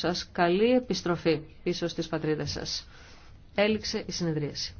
σας καλή επιστροφή πίσω στις πατρίδες σας. Έληξε η συνεδρίαση.